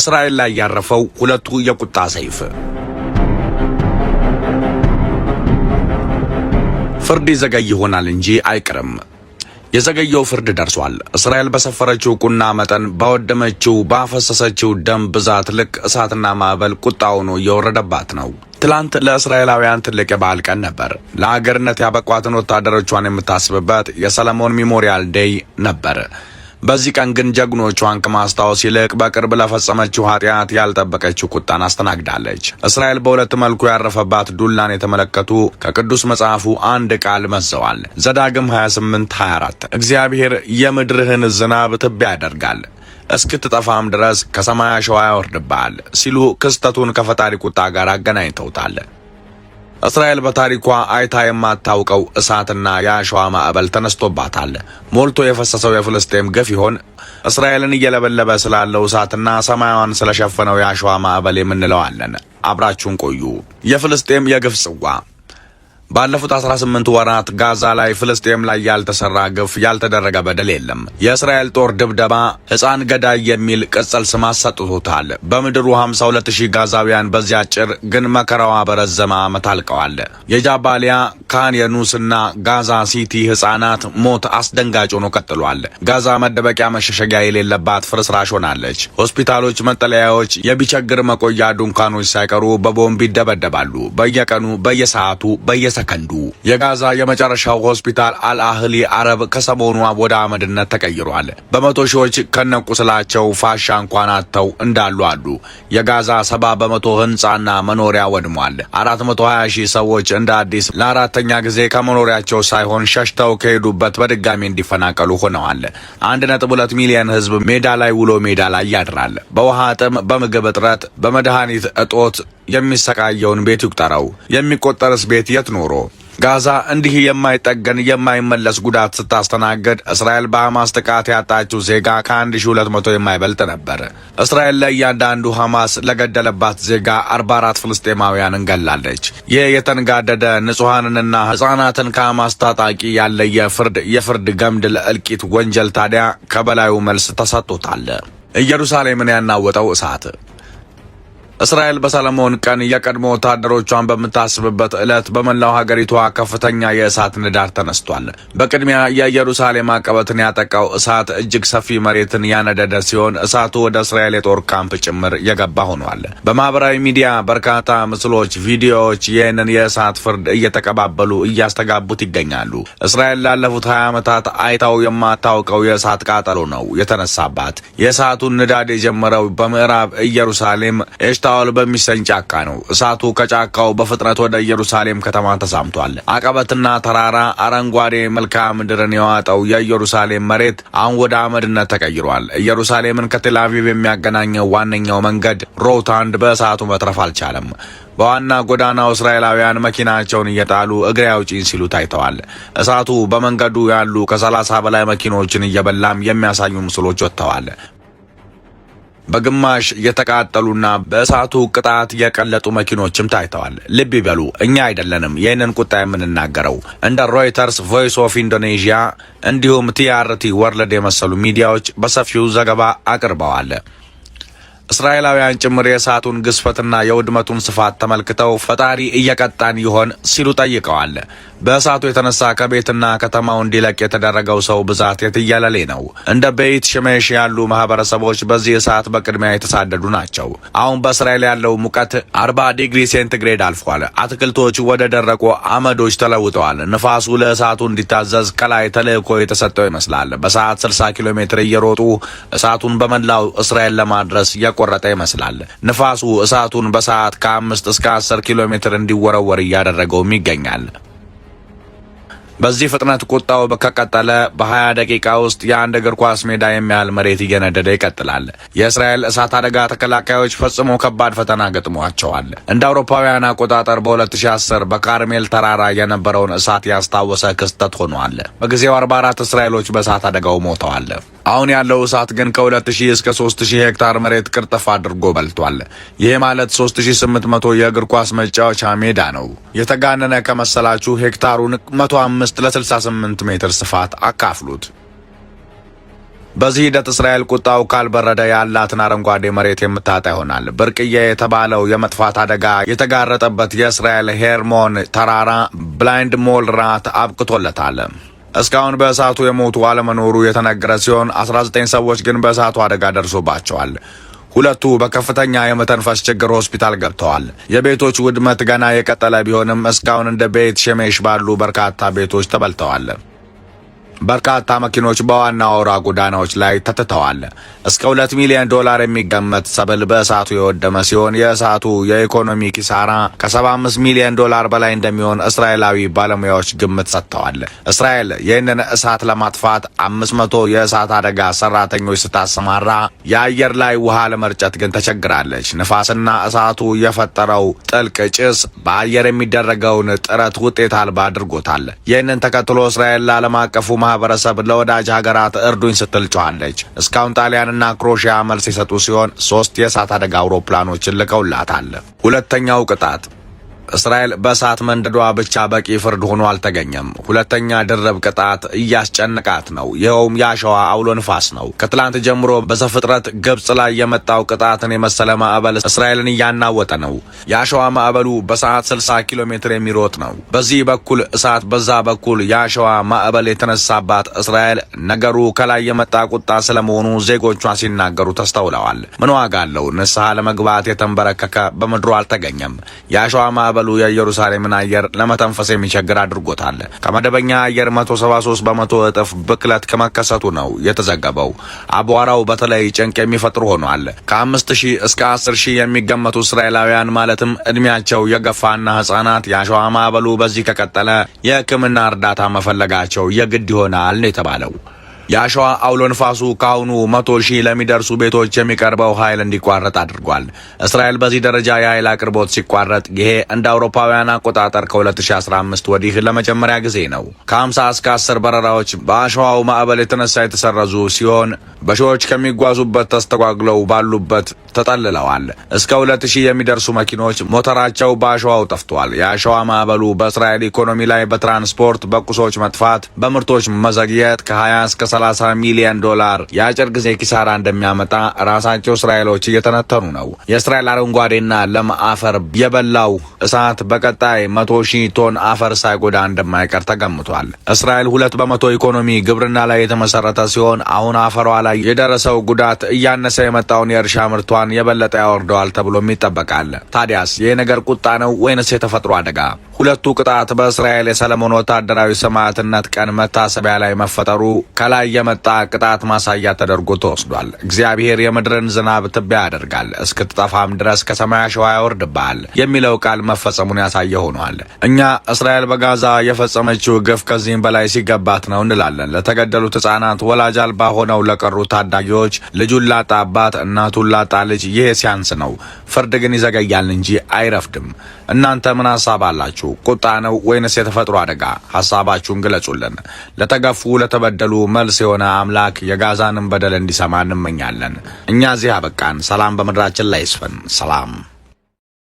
እስራኤል ላይ ያረፈው ሁለቱ የቁጣ ሰይፍ ፍርድ ይዘገይ ይሆናል እንጂ አይቅርም። የዘገየው ፍርድ ደርሷል። እስራኤል በሰፈረችው ቁና መጠን፣ ባወደመችው ባፈሰሰችው ደም ብዛት ልክ እሳትና ማዕበል ቁጣ ሆኖ እየወረደባት ነው። ትላንት ለእስራኤላውያን ትልቅ የበዓል ቀን ነበር። ለአገርነት ያበቋትን ወታደሮቿን የምታስብበት የሰለሞን ሚሞሪያል ዴይ ነበር። በዚህ ቀን ግን ጀግኖቿን ከማስታወስ ይልቅ በቅርብ ለፈጸመችው ኃጢአት ያልጠበቀችው ቁጣን አስተናግዳለች። እስራኤል በሁለት መልኩ ያረፈባት ዱላን የተመለከቱ ከቅዱስ መጽሐፉ አንድ ቃል መዘዋል። ዘዳግም 2824 እግዚአብሔር የምድርህን ዝናብ ትቢያ ያደርጋል እስክትጠፋም ድረስ ከሰማይ አሸዋ ያወርድብሃል ሲሉ ክስተቱን ከፈጣሪ ቁጣ ጋር አገናኝተውታል። እስራኤል በታሪኳ አይታ የማታውቀው እሳትና የአሸዋ ማዕበል ተነስቶባታል። ሞልቶ የፈሰሰው የፍልስጤም ግፍ ይሆን? እስራኤልን እየለበለበ ስላለው እሳትና ሰማያዋን ስለሸፈነው የአሸዋ ማዕበል የምንለዋለን። አብራችሁን ቆዩ። የፍልስጤም የግፍ ጽዋ ባለፉት 18 ወራት ጋዛ ላይ ፍልስጤም ላይ ያልተሰራ ግፍ ያልተደረገ በደል የለም። የእስራኤል ጦር ድብደባ ሕፃን ገዳይ የሚል ቅጽል ስም አሰጥቶታል። በምድሩ 52000 ጋዛውያን በዚያ አጭር ግን መከራዋ በረዘመ ዓመት አልቀዋል። የጃባሊያ ካን የኑስና ጋዛ ሲቲ ሕፃናት ሞት አስደንጋጭ ሆኖ ቀጥሏል። ጋዛ መደበቂያ መሸሸጊያ የሌለባት ፍርስራሽ ሆናለች። ሆስፒታሎች፣ መጠለያዎች፣ የቢቸግር መቆያ ድንኳኖች ሳይቀሩ በቦምብ ይደበደባሉ። በየቀኑ በየሰዓቱ በየ በሰከንዱ የጋዛ የመጨረሻው ሆስፒታል አልአህሊ አረብ ከሰሞኑ ወደ አመድነት ተቀይሯል። በመቶ ሺዎች ከነቁስላቸው ፋሻ እንኳን አጥተው እንዳሉ አሉ። የጋዛ ሰባ በመቶ ህንፃና መኖሪያ ወድሟል። 420 ሺህ ሰዎች እንደ አዲስ ለአራተኛ ጊዜ ከመኖሪያቸው ሳይሆን ሸሽተው ከሄዱበት በድጋሚ እንዲፈናቀሉ ሆነዋል። 1.2 ሚሊዮን ህዝብ ሜዳ ላይ ውሎ ሜዳ ላይ ያድራል። በውሃ ጥም፣ በምግብ እጥረት፣ በመድኃኒት እጦት የሚሰቃየውን ቤት ይቁጠረው። የሚቆጠርስ ቤት የት ኖሩ? ጨምሮ ጋዛ እንዲህ የማይጠገን የማይመለስ ጉዳት ስታስተናግድ እስራኤል በሐማስ ጥቃት ያጣችው ዜጋ ከ1200 የማይበልጥ ነበር። እስራኤል ለእያንዳንዱ ሐማስ ለገደለባት ዜጋ 44 ፍልስጤማውያን እንገላለች። ይህ የተንጋደደ ንጹሐንንና ሕፃናትን ከሐማስ ታጣቂ ያለ ፍርድ የፍርድ ገምድ ለእልቂት ወንጀል ታዲያ ከበላዩ መልስ ተሰጥቶታል። ኢየሩሳሌምን ያናወጠው እሳት እስራኤል በሰለሞን ቀን የቀድሞ ወታደሮቿን በምታስብበት ዕለት በመላው ሀገሪቷ ከፍተኛ የእሳት ንዳድ ተነስቷል። በቅድሚያ የኢየሩሳሌም አቀበትን ያጠቃው እሳት እጅግ ሰፊ መሬትን ያነደደ ሲሆን እሳቱ ወደ እስራኤል የጦር ካምፕ ጭምር የገባ ሆኗል። በማህበራዊ ሚዲያ በርካታ ምስሎች፣ ቪዲዮዎች ይህንን የእሳት ፍርድ እየተቀባበሉ እያስተጋቡት ይገኛሉ። እስራኤል ላለፉት 20 ዓመታት አይታው የማታውቀው የእሳት ቃጠሎ ነው የተነሳባት። የእሳቱን ንዳድ የጀመረው በምዕራብ ኢየሩሳሌም ኤሽታ ሳኦል በሚሰኝ ጫካ ነው። እሳቱ ከጫካው በፍጥነት ወደ ኢየሩሳሌም ከተማ ተሳምቷል። አቀበትና ተራራ አረንጓዴ መልክዓ ምድርን የዋጠው የኢየሩሳሌም መሬት አሁን ወደ አመድነት ተቀይሯል። ኢየሩሳሌምን ከቴልአቪቭ የሚያገናኘው ዋነኛው መንገድ ሮታንድ በእሳቱ መትረፍ አልቻለም። በዋና ጎዳናው እስራኤላውያን መኪናቸውን እየጣሉ እግሬ አውጪኝ ሲሉ ታይተዋል። እሳቱ በመንገዱ ያሉ ከ ከ30 በላይ መኪኖችን እየበላም የሚያሳዩ ምስሎች ወጥተዋል። በግማሽ የተቃጠሉና በእሳቱ ቅጣት የቀለጡ መኪኖችም ታይተዋል። ልብ ይበሉ፣ እኛ አይደለንም ይህንን ቁጣ የምንናገረው። እንደ ሮይተርስ፣ ቮይስ ኦፍ ኢንዶኔዥያ እንዲሁም ቲአርቲ ወርልድ የመሰሉ ሚዲያዎች በሰፊው ዘገባ አቅርበዋል። እስራኤላውያን ጭምር የእሳቱን ግዝፈትና የውድመቱን ስፋት ተመልክተው ፈጣሪ እየቀጣን ይሆን ሲሉ ጠይቀዋል። በእሳቱ የተነሳ ከቤትና ከተማው እንዲለቅ የተደረገው ሰው ብዛት የትየለሌ ነው። እንደ ቤይት ሽሜሽ ያሉ ማህበረሰቦች በዚህ እሳት በቅድሚያ የተሳደዱ ናቸው። አሁን በእስራኤል ያለው ሙቀት 40 ዲግሪ ሴንቲግሬድ አልፏል። አትክልቶች ወደ ደረቁ አመዶች ተለውጠዋል። ንፋሱ ለእሳቱ እንዲታዘዝ ከላይ ተልእኮ የተሰጠው ይመስላል። በሰዓት 60 ኪሎ ሜትር እየሮጡ እሳቱን በመላው እስራኤል ለማድረስ የቆረ የተቆረጠ ይመስላል። ንፋሱ እሳቱን በሰዓት ከአምስት እስከ አስር ኪሎ ሜትር እንዲወረወር እያደረገውም ይገኛል። በዚህ ፍጥነት ቁጣው ከቀጠለ በ20 ደቂቃ ውስጥ የአንድ እግር ኳስ ሜዳ የሚያህል መሬት እየነደደ ይቀጥላል። የእስራኤል እሳት አደጋ ተከላካዮች ፈጽሞ ከባድ ፈተና ገጥሟቸዋል። እንደ አውሮፓውያን አቆጣጠር በ2010 በካርሜል ተራራ የነበረውን እሳት ያስታወሰ ክስተት ሆኗል። በጊዜው 44 እስራኤሎች በእሳት አደጋው ሞተዋል። አሁን ያለው እሳት ግን ከ2000 እስከ 3000 ሄክታር መሬት ቅርጥፍ አድርጎ በልቷል። ይህ ማለት 3800 የእግር ኳስ መጫወቻ ሜዳ ነው። የተጋነነ ከመሰላችሁ ሄክታሩን 105 ለ68 ሜትር ስፋት አካፍሉት። በዚህ ሂደት እስራኤል ቁጣው ካልበረደ ያላትን አረንጓዴ መሬት የምታጣ ይሆናል። ብርቅዬ የተባለው የመጥፋት አደጋ የተጋረጠበት የእስራኤል ሄርሞን ተራራ ብላይንድ ሞል ራት አብቅቶለታል። እስካሁን በእሳቱ የሞቱ አለመኖሩ የተነገረ ሲሆን 19 ሰዎች ግን በእሳቱ አደጋ ደርሶባቸዋል። ሁለቱ በከፍተኛ የመተንፈስ ችግር ሆስፒታል ገብተዋል። የቤቶች ውድመት ገና የቀጠለ ቢሆንም እስካሁን እንደ ቤት ሸሜሽ ባሉ በርካታ ቤቶች ተበልተዋል። በርካታ መኪኖች በዋና አውራ ጎዳናዎች ላይ ተትተዋል። እስከ ሁለት ሚሊዮን ዶላር የሚገመት ሰብል በእሳቱ የወደመ ሲሆን የእሳቱ የኢኮኖሚ ኪሳራ ከ75 ሚሊዮን ዶላር በላይ እንደሚሆን እስራኤላዊ ባለሙያዎች ግምት ሰጥተዋል። እስራኤል ይህንን እሳት ለማጥፋት 500 የእሳት አደጋ ሰራተኞች ስታሰማራ የአየር ላይ ውሃ ለመርጨት ግን ተቸግራለች። ንፋስና እሳቱ የፈጠረው ጥልቅ ጭስ በአየር የሚደረገውን ጥረት ውጤት አልባ አድርጎታል። ይህንን ተከትሎ እስራኤል ለዓለም አቀፉ ማህበረሰብ ለወዳጅ ሀገራት እርዱኝ ስትል ጮኻለች። እስካሁን ጣሊያንና ክሮሺያ መልስ የሰጡ ሲሆን ሶስት የእሳት አደጋ አውሮፕላኖችን ልከውላታል። ሁለተኛው ቅጣት እስራኤል በእሳት መንደዷ ብቻ በቂ ፍርድ ሆኖ አልተገኘም። ሁለተኛ ድርብ ቅጣት እያስጨነቃት ነው። ይኸውም የአሸዋ አውሎ ንፋስ ነው። ከትላንት ጀምሮ በዘፍጥረት ግብፅ ላይ የመጣው ቅጣትን የመሰለ ማዕበል እስራኤልን እያናወጠ ነው። የአሸዋ ማዕበሉ በሰዓት 60 ኪሎ ሜትር የሚሮጥ ነው። በዚህ በኩል እሳት፣ በዛ በኩል የአሸዋ ማዕበል የተነሳባት እስራኤል ነገሩ ከላይ የመጣ ቁጣ ስለመሆኑ ዜጎቿ ሲናገሩ ተስተውለዋል። ምን ዋጋ አለው? ንስሐ ለመግባት የተንበረከከ በምድሩ አልተገኘም። የአሸዋ ማዕበል ማዕበሉ የኢየሩሳሌምን አየር ለመተንፈስ የሚቸግር አድርጎታል። ከመደበኛ አየር 173 በመቶ እጥፍ ብክለት ከመከሰቱ ነው የተዘገበው። አቧራው በተለይ ጭንቅ የሚፈጥር ሆኗል። ከ ሺህ እስከ አስር ሺህ የሚገመቱ እስራኤላውያን ማለትም እድሜያቸው የገፋና ህጻናት የአሸዋ ማዕበሉ በዚህ ከቀጠለ የሕክምና እርዳታ መፈለጋቸው የግድ ይሆናል ነው የተባለው። የአሸዋ አውሎ ንፋሱ ከአሁኑ መቶ ሺህ ለሚደርሱ ቤቶች የሚቀርበው ኃይል እንዲቋረጥ አድርጓል። እስራኤል በዚህ ደረጃ የኃይል አቅርቦት ሲቋረጥ ይሄ እንደ አውሮፓውያን አቆጣጠር ከ2015 ወዲህ ለመጀመሪያ ጊዜ ነው። ከ50 እስከ 10 በረራዎች በአሸዋው ማዕበል የተነሳ የተሰረዙ ሲሆን በሺዎች ከሚጓዙበት ተስተጓጉለው ባሉበት ተጠልለዋል። እስከ 2000 የሚደርሱ መኪኖች ሞተራቸው በአሸዋው ጠፍቷል። የአሸዋ ማዕበሉ በእስራኤል ኢኮኖሚ ላይ በትራንስፖርት፣ በቁሶች መጥፋት፣ በምርቶች መዘግየት ከ20 እስከ 30 ሚሊዮን ዶላር የአጭር ጊዜ ኪሳራ እንደሚያመጣ ራሳቸው እስራኤሎች እየተነተኑ ነው። የእስራኤል አረንጓዴና ለም አፈር የበላው እሳት በቀጣይ መቶ ሺህ ቶን አፈር ሳይጎዳ እንደማይቀር ተገምቷል። እስራኤል ሁለት በመቶ ኢኮኖሚ ግብርና ላይ የተመሰረተ ሲሆን አሁን አፈሯ ላይ የደረሰው ጉዳት እያነሰ የመጣውን የእርሻ ምርቷን የበለጠ ያወርደዋል ተብሎም ይጠበቃል። ታዲያስ ይህ ነገር ቁጣ ነው ወይንስ የተፈጥሮ አደጋ? ሁለቱ ቅጣት በእስራኤል የሰለሞን ወታደራዊ ሰማዕትነት ቀን መታሰቢያ ላይ መፈጠሩ ከላይ እየመጣ ቅጣት ማሳያ ተደርጎ ተወስዷል። እግዚአብሔር የምድርን ዝናብ ትቢያ ያደርጋል እስክትጠፋም ድረስ ከሰማይ አሸዋ ያወርድብሃል የሚለው ቃል መፈጸሙን ያሳየ ሆኗል። እኛ እስራኤል በጋዛ የፈጸመችው ግፍ ከዚህም በላይ ሲገባት ነው እንላለን። ለተገደሉት ሕጻናት ወላጅ አልባ ሆነው ለቀሩት ታዳጊዎች፣ ልጁን ላጣ አባት፣ እናቱን ላጣ ልጅ ይሄ ሲያንስ ነው። ፍርድ ግን ይዘገያል እንጂ አይረፍድም። እናንተ ምን ሀሳብ አላችሁ? ቁጣ ነው ወይንስ የተፈጥሮ አደጋ? ሀሳባችሁን ግለጹልን። ለተገፉ ለተበደሉ መልስ የሆነ አምላክ የጋዛንም በደል እንዲሰማ እንመኛለን። እኛ እዚህ አበቃን። ሰላም በምድራችን ላይ ይስፈን። ሰላም